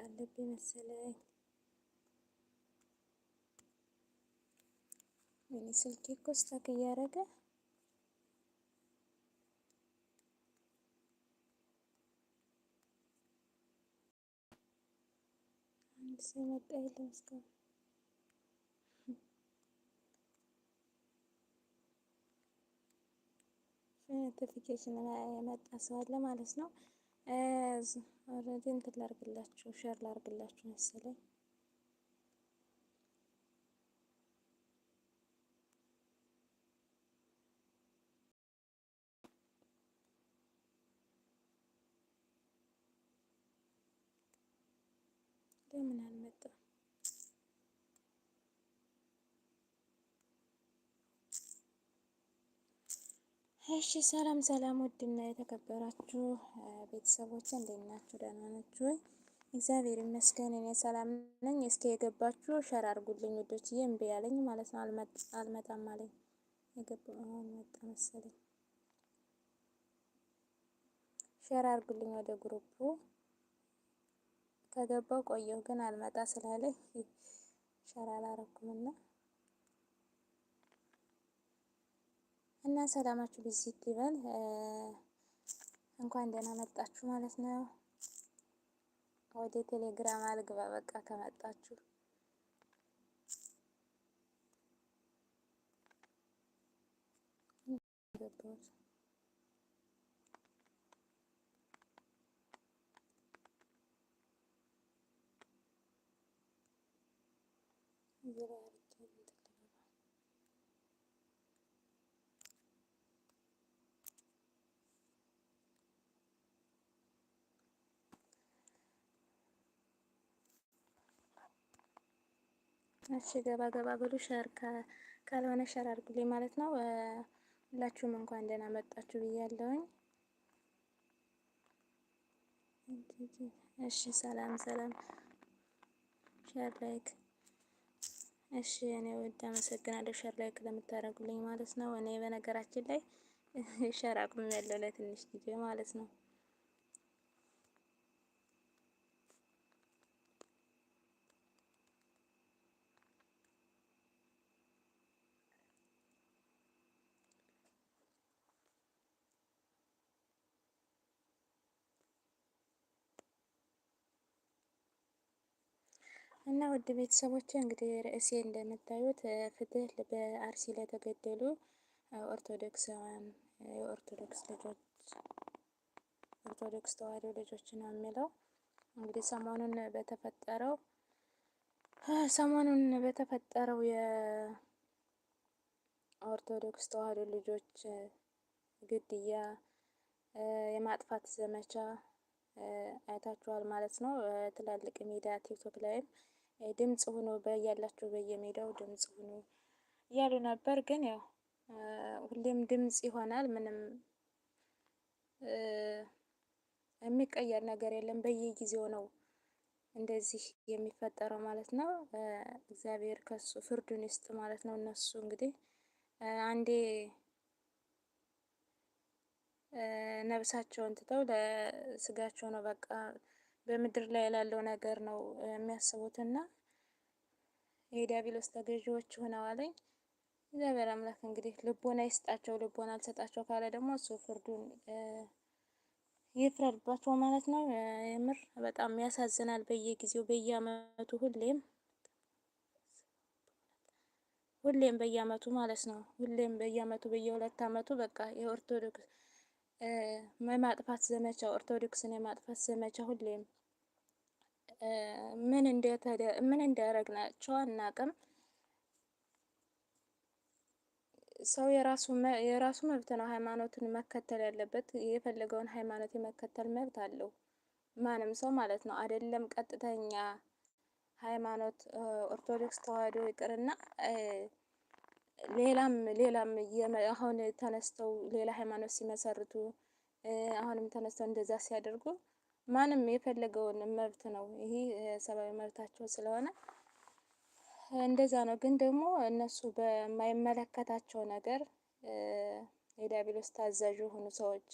አለብኝ መሰለኝ። እኔ ስልኬ እኮ ስታክ እያደረገ አንድ ሰው መጣ የለም እስካሁን። ኖቲፊኬሽን የመጣ ሰው አለ ማለት ነው። ኦልሬዲ እንትን ላርግላችሁ ሼር ላርግላችሁ መሰለኝ። ለምን እሺ ሰላም ሰላም፣ ውድና የተከበራችሁ ቤተሰቦች እንዴት ናችሁ? ደህና ናችሁ? እግዚአብሔር ይመስገን እኔ ሰላም ነኝ። እስኪ የገባችሁ ሸር አድርጉልኝ ውዶች። ይሄ እምቢ ያለኝ ማለት ነው አልመጣም አለኝ። የገባው መጣ መሰለኝ። ሸር አድርጉልኝ ወደ ግሩፑ። ከገባው ቆየሁ ግን አልመጣ ስላለኝ ሸር አላረኩም እና ሰላማችሁ ብዚት ይበል። እንኳን ደህና መጣችሁ ማለት ነው። ወደ ቴሌግራም አልግባ በቃ ከመጣችሁ ገባሁት። እሺ ገባ ገባ ብሎ ሸር ካልሆነ ሸር አድርጉልኝ ማለት ነው። ሁላችሁም እንኳን ደህና መጣችሁ ብያለሁኝ። እሺ ሰላም ሰላም፣ ሸር ላይክ። እሺ እኔ ውድ አመሰግናለሁ ሸር ላይክ ለምታደርጉልኝ ማለት ነው። እኔ በነገራችን ላይ ሸር አቁም ያለው ለትንሽ ጊዜ ማለት ነው። እና ውድ ቤተሰቦች እንግዲህ ርዕሴ እንደምታዩት ፍትህ በአርሲ ለተገደሉ ኦርቶዶክሳውያን የኦርቶዶክስ ልጆች ኦርቶዶክስ ተዋህዶ ልጆች ነው የሚለው እንግዲህ ሰሞኑን በተፈጠረው ሰሞኑን በተፈጠረው የኦርቶዶክስ ተዋህዶ ልጆች ግድያ የማጥፋት ዘመቻ አይታችኋል ማለት ነው። ትላልቅ ሚዲያ ቲክቶክ ላይም ድምጽ ሆኖ በያላቸው በየሜዳው ድምፅ ሆኖ እያሉ ነበር። ግን ያው ሁሌም ድምጽ ይሆናል። ምንም የሚቀየር ነገር የለም። በየጊዜው ነው እንደዚህ የሚፈጠረው ማለት ነው። እግዚአብሔር ከሱ ፍርዱን ይስጥ ማለት ነው። እነሱ እንግዲህ አንዴ ነብሳቸውን ትተው ለስጋቸው ነው በቃ በምድር ላይ ላለው ነገር ነው የሚያስቡትና የዲያብሎስ ተገዢዎች ሆነዋለኝ። እግዚአብሔር አምላክ እንግዲህ ልቦና ይስጣቸው። ልቦና አልሰጣቸው ካለ ደግሞ እሱ ፍርዱን ይፍረድባቸው ማለት ነው። የምር በጣም ያሳዝናል። በየጊዜው በየአመቱ ሁሌም ሁሌም በየአመቱ ማለት ነው። ሁሌም በየአመቱ በየሁለት አመቱ በቃ የኦርቶዶክስ የማጥፋት ዘመቻ ኦርቶዶክስን የማጥፋት ዘመቻ ሁሌም ምን እንዳረግናቸው አናቅም። ሰው የራሱ መብት ነው ሃይማኖትን መከተል ያለበት። የፈለገውን ሃይማኖት የመከተል መብት አለው ማንም ሰው ማለት ነው። አይደለም ቀጥተኛ ሃይማኖት ኦርቶዶክስ ተዋህዶ ይቅርና ሌላም ሌላም አሁን ተነስተው ሌላ ሃይማኖት ሲመሰርቱ አሁንም ተነስተው እንደዛ ሲያደርጉ ማንም የፈለገውን መብት ነው። ይሄ ሰብአዊ መብታቸው ስለሆነ እንደዛ ነው። ግን ደግሞ እነሱ በማይመለከታቸው ነገር የዲያብሎስ ታዛዥ የሆኑ ሰዎች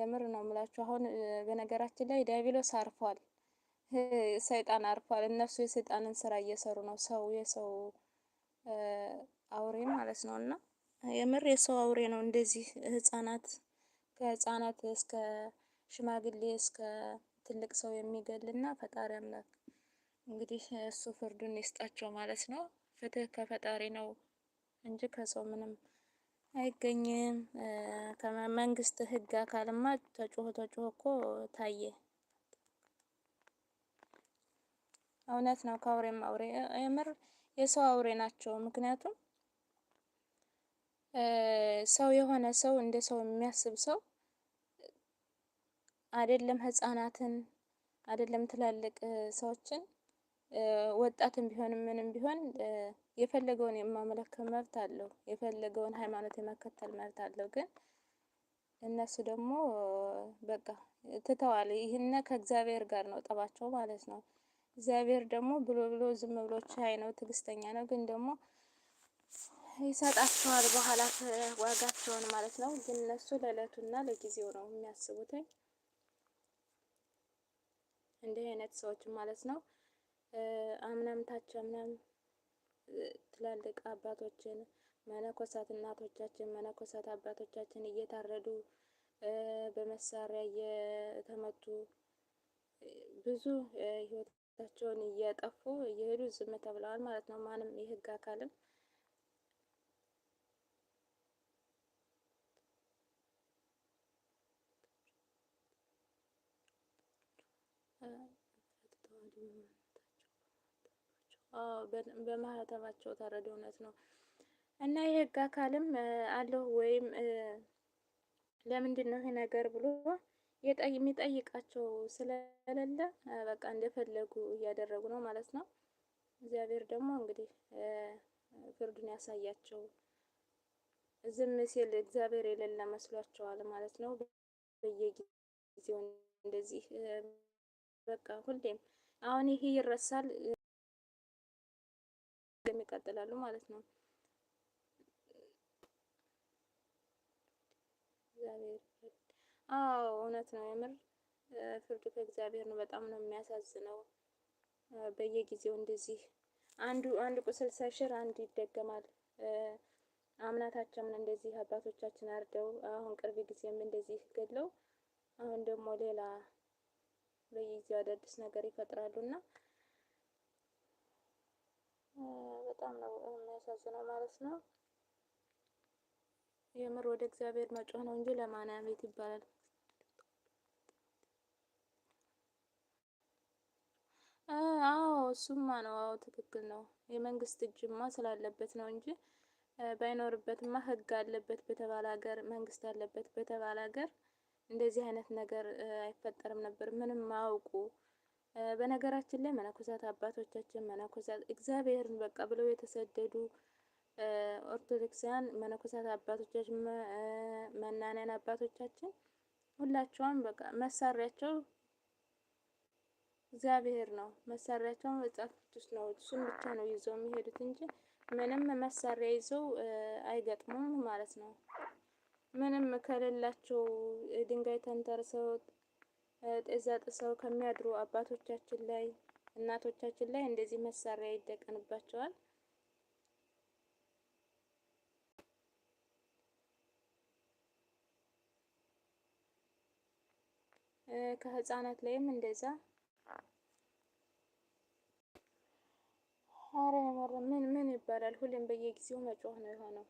የምር ነው የምላችሁ። አሁን በነገራችን ላይ ዲያብሎስ አርፏል፣ ሰይጣን አርፏል። እነሱ የሰይጣንን ስራ እየሰሩ ነው። ሰው የሰው አውሬ ማለት ነው እና የምር የሰው አውሬ ነው። እንደዚህ ህጻናት ከህጻናት እስከ ሽማግሌ እስከ ትልቅ ሰው እና ፈጣሪ አምላክ እንግዲህ እሱ ፍርዱን ይስጣቸው ማለት ነው። ፍትህ ከፈጣሪ ነው እንጂ ከሰው ምንም አይገኝም። ከመንግስት ህግ አካልማ ተጮሆ ተጮሆ እኮ ታየ። እውነት ነው። ከአውሬም አውሬ የምር የሰው አውሬ ናቸው። ምክንያቱም ሰው የሆነ ሰው እንደ ሰው የሚያስብ ሰው አይደለም ህጻናትን አይደለም ትላልቅ ሰዎችን ወጣትም ቢሆን ምንም ቢሆን የፈለገውን የማመለከት መብት አለው። የፈለገውን ሃይማኖት የመከተል መብት አለው። ግን እነሱ ደግሞ በቃ ትተዋል። ይህን ከእግዚአብሔር ጋር ነው ጠባቸው ማለት ነው። እግዚአብሔር ደግሞ ብሎ ብሎ ዝም ብሎ ቻይ ነው፣ ትዕግስተኛ ነው። ግን ደግሞ ይሰጣቸዋል በኋላ ዋጋቸውን ማለት ነው። ግን እነሱ ለዕለቱና ለጊዜው ነው የሚያስቡትኝ። እንዲህ አይነት ሰዎች ማለት ነው። አምናምታቸው አምናም ትላልቅ አባቶችን መነኮሳት እናቶቻችን መነኮሳት አባቶቻችን እየታረዱ በመሳሪያ እየተመቱ ብዙ ህይወታቸውን እያጠፉ እየሄዱ ዝም ተብለዋል ማለት ነው። ማንም የህግ አካልም በማህተባቸው ታረደ። እውነት ነው እና የህግ አካልም አለሁ ወይም ለምንድን ነው ይሄ ነገር ብሎ የሚጠይቃቸው ስለሌለ በቃ እንደፈለጉ እያደረጉ ነው ማለት ነው። እግዚአብሔር ደግሞ እንግዲህ ፍርዱን ያሳያቸው። ዝም ሲል እግዚአብሔር የሌለ መስሏቸዋል ማለት ነው። በየጊዜው እንደዚህ በቃ ሁሌም አሁን ይሄ ይረሳል ይቀጥላሉ ማለት ነው። አዎ እውነት ነው። የምር ፍርዱ ከእግዚአብሔር ነው። በጣም ነው የሚያሳዝነው። በየጊዜው እንደዚህ አንዱ አንድ ቁስል ሳይሽር አንዱ ይደገማል። አምናታቸውም እንደዚህ አባቶቻችን አርደው አሁን ቅርብ ጊዜም እንደዚህ ገድለው አሁን ደግሞ ሌላ በየጊዜው አዳዲስ ነገር ይፈጥራሉ እና በጣም ነው የሚያሳዝነው ማለት ነው። የምር ወደ እግዚአብሔር መጮህ ነው እንጂ ለማን ቤት ይባላል። አዎ እሱማ ነው። አዎ ትክክል ነው። የመንግስት እጅማ ስላለበት ነው እንጂ ባይኖርበትማ ህግ አለበት በተባለ ሀገር መንግስት አለበት በተባለ ሀገር እንደዚህ አይነት ነገር አይፈጠርም ነበር ምንም ማያውቁ። በነገራችን ላይ መነኮሳት አባቶቻችን መነኮሳት እግዚአብሔርን በቃ ብለው የተሰደዱ ኦርቶዶክሳውያን መነኮሳት አባቶቻችን መናንያን አባቶቻችን ሁላቸውም በቃ መሳሪያቸው እግዚአብሔር ነው። መሳሪያቸው መጽሐፍ ቅዱስ ነው። እሱን ብቻ ነው ይዘው የሚሄዱት እንጂ ምንም መሳሪያ ይዘው አይገጥሙም ማለት ነው። ምንም ከሌላቸው ድንጋይ ተንተርሰው እዛ ጥሰው ከሚያድሩ አባቶቻችን ላይ እናቶቻችን ላይ እንደዚህ መሳሪያ ይደቀንባቸዋል። ከህፃናት ላይም እንደዛ ኧረ ምን ምን ይባላል። ሁሌም በየጊዜው መጮህ ነው የሆነው።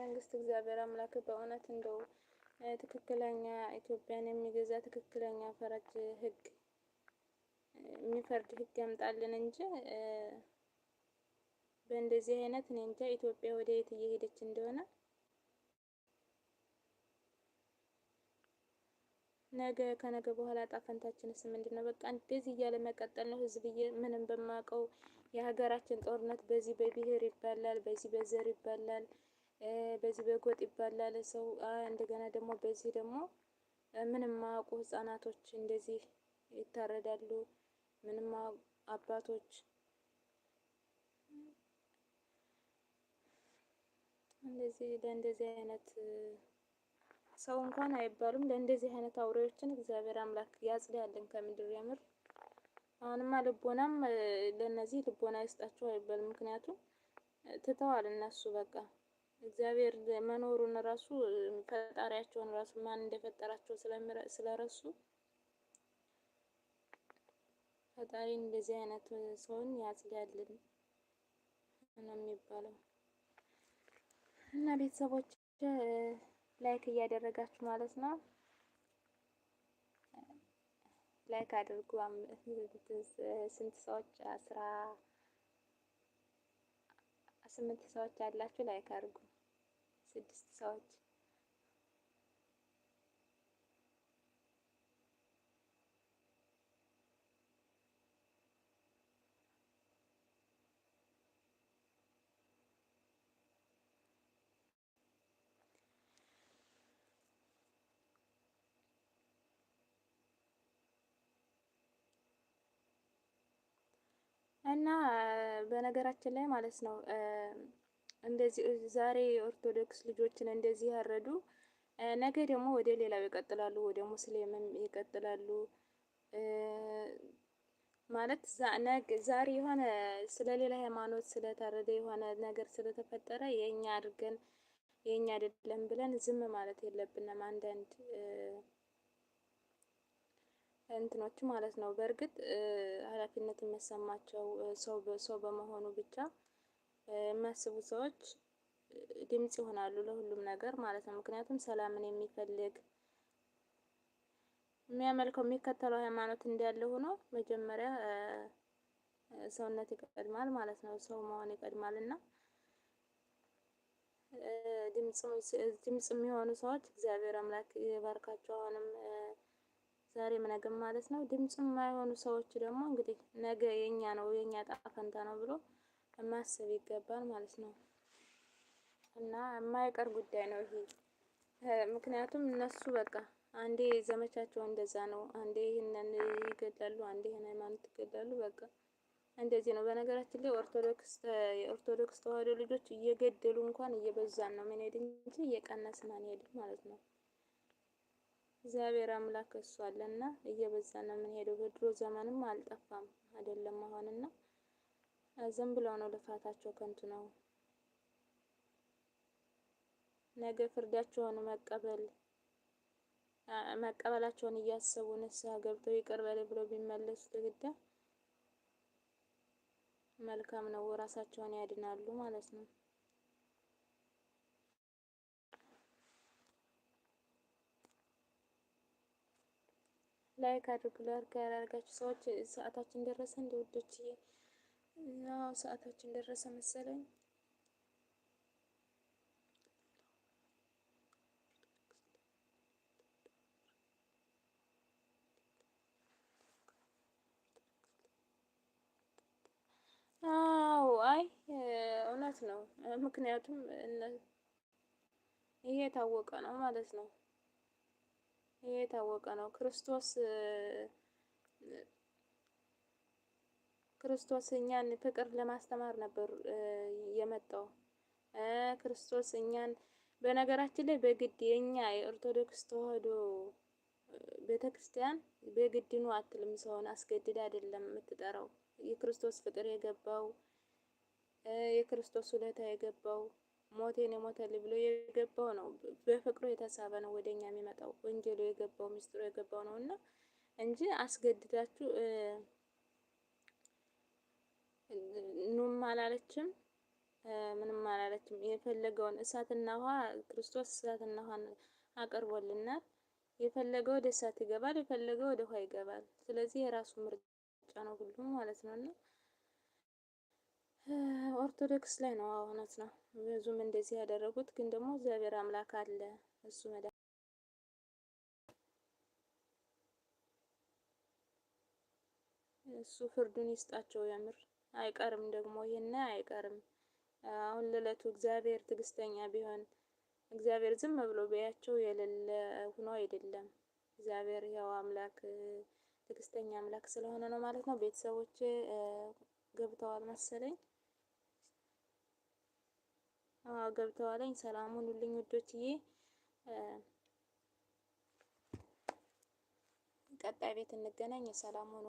መንግስት እግዚአብሔር አምላክ በእውነት እንደው ትክክለኛ ኢትዮጵያን የሚገዛ ትክክለኛ ፈረጅ ህግ የሚፈርድ ህግ ያምጣልን እንጂ በእንደዚህ አይነት እኔ እንጃ ኢትዮጵያ ወደ የት እየሄደች እንደሆነ ነገ ከነገ በኋላ ጣፈንታችንስ ምንድን ነው? በቃ እንደዚህ እያለ መቀጠል ነው። ህዝብ ምንም በማውቀው የሀገራችን ጦርነት በዚህ በብሔር ይበላል በዚህ በዘር ይበላል? በዚህ በጎጥ ይባላል ሰው። እንደገና ደግሞ በዚህ ደግሞ ምንም ማያውቁ ህጻናቶች እንደዚህ ይታረዳሉ። ምንም አባቶች እንደዚህ ለእንደዚህ አይነት ሰው እንኳን አይባሉም። ለእንደዚህ አይነት አውሬዎችን እግዚአብሔር አምላክ ያጽዳልን ከምድር የምር። አሁንማ ልቦናም ለእነዚህ ልቦና ይስጣቸው አይባልም። ምክንያቱም ትተዋል እነሱ በቃ እግዚአብሔር መኖሩን ራሱ ፈጣሪያቸውን ራሱ ማን እንደፈጠራቸው ስለረሱ ፈጣሪ እንደዚህ አይነት ሰውን ያጽዳልን ነው የሚባለው። እና ቤተሰቦች ላይክ እያደረጋችሁ ማለት ነው። ላይክ አድርጉ። ስንት ሰዎች አስራ ስምንት ሰዎች ያላችሁ ላይክ አድርጉ። ስድስት ሰዎች እና በነገራችን ላይ ማለት ነው እንደዚህ ዛሬ የኦርቶዶክስ ልጆችን እንደዚህ ያረዱ፣ ነገ ደግሞ ወደ ሌላው ይቀጥላሉ፣ ወደ ሙስሊምም ይቀጥላሉ። ማለት ዛሬ የሆነ ስለ ሌላ ሃይማኖት ስለታረደ የሆነ ነገር ስለተፈጠረ የእኛ አድርገን የእኛ አይደለም ብለን ዝም ማለት የለብንም። አንዳንድ እንትኖች ማለት ነው። በእርግጥ ኃላፊነት የሚያሰማቸው ሰው በመሆኑ ብቻ የሚያስቡ ሰዎች ድምጽ ይሆናሉ ለሁሉም ነገር ማለት ነው። ምክንያቱም ሰላምን የሚፈልግ የሚያመልከው የሚከተለው ሃይማኖት እንዳለ ሆኖ መጀመሪያ ሰውነት ይቀድማል ማለት ነው። ሰው መሆን ይቀድማል እና ድምጽ የሚሆኑ ሰዎች እግዚአብሔር አምላክ ይባርካቸው። አሁንም ዛሬም ነገም ማለት ነው። ድምጽ የማይሆኑ ሰዎች ደግሞ እንግዲህ ነገ የኛ ነው የኛ ጣፈንታ ነው ብሎ ማሰብ ይገባል ማለት ነው። እና የማይቀር ጉዳይ ነው ይሄ። ምክንያቱም እነሱ በቃ አንዴ ዘመቻቸው እንደዛ ነው። አንዴ ይህንን ይገድላሉ፣ አንዴ ይህን ሃይማኖት ይገድላሉ። በቃ እንደዚህ ነው። በነገራችን ላይ ኦርቶዶክስ የኦርቶዶክስ ተዋህዶ ልጆች እየገደሉ እንኳን እየበዛን ነው ምን ሄድ እንጂ እየቀነስን አንሄድም ማለት ነው። እግዚአብሔር አምላክ እሱ አለና እየበዛን ነው የምንሄደው። በድሮ ዘመንም አልጠፋም አይደለም አሁንና ዝም ብለው ነው ልፋታቸው ከንቱ ነው። ነገ ፍርዳቸውን መቀበል መቀበላቸውን እያሰቡ ንስሐ ገብተው ይቅር በለኝ ብለው ቢመለሱ መልካም ነው። ራሳቸውን ያድናሉ ማለት ነው። ላይክ አድርጉ። ላይክ ያደርጋችሁ ሰዎች ሰዓታችን ደረሰ እንደ ውዶችዬ እና ሰዓታችን ደረሰ መሰለኝ። አዎ አይ እውነት ነው። ምክንያቱም ይሄ የታወቀ ነው ማለት ነው። ይሄ የታወቀ ነው ክርስቶስ ክርስቶስ እኛን ፍቅር ለማስተማር ነበር የመጣው። ክርስቶስ እኛን በነገራችን ላይ በግድ የኛ የኦርቶዶክስ ተዋህዶ ቤተክርስቲያን በግድ ነው አትልም። ሰውን አስገድድ አይደለም የምትጠራው። የክርስቶስ ፍቅር የገባው የክርስቶስ ውለታ የገባው ሞቴን የሞተል ብሎ የገባው ነው። በፍቅሩ የተሳበ ነው ወደኛ የሚመጣው ወንጀሉ የገባው ምስጢሩ የገባው ነው እና እንጂ አስገድዳችሁ ኑም አላለችም፣ ምንም አላለችም። የፈለገውን እሳትና ውሃ ክርስቶስ እሳትና ውሃን አቅርቦልናል። የፈለገው ወደ እሳት ይገባል፣ የፈለገው ወደ ውሃ ይገባል። ስለዚህ የራሱ ምርጫ ነው ሁሉም ማለት ነው እና ኦርቶዶክስ ላይ ነው እውነት ነው። ብዙም እንደዚህ ያደረጉት ግን ደግሞ እግዚአብሔር አምላክ አለ እሱ መዳ እሱ ፍርዱን ይስጣቸው የምር አይቀርም ደግሞ ይሄን አይቀርም። አሁን ለዕለቱ እግዚአብሔር ትዕግስተኛ ቢሆን እግዚአብሔር ዝም ብሎ ቢያቸው የሌለ ሆኖ አይደለም። እግዚአብሔር ያው አምላክ ትዕግስተኛ አምላክ ስለሆነ ነው ማለት ነው። ቤተሰቦች ገብተዋል መሰለኝ። አዎ ገብተዋለኝ። ሰላም ሁኑልኝ ውዶችዬ። ቀጣይ ቤት እንገናኝ። ሰላም ሆኖ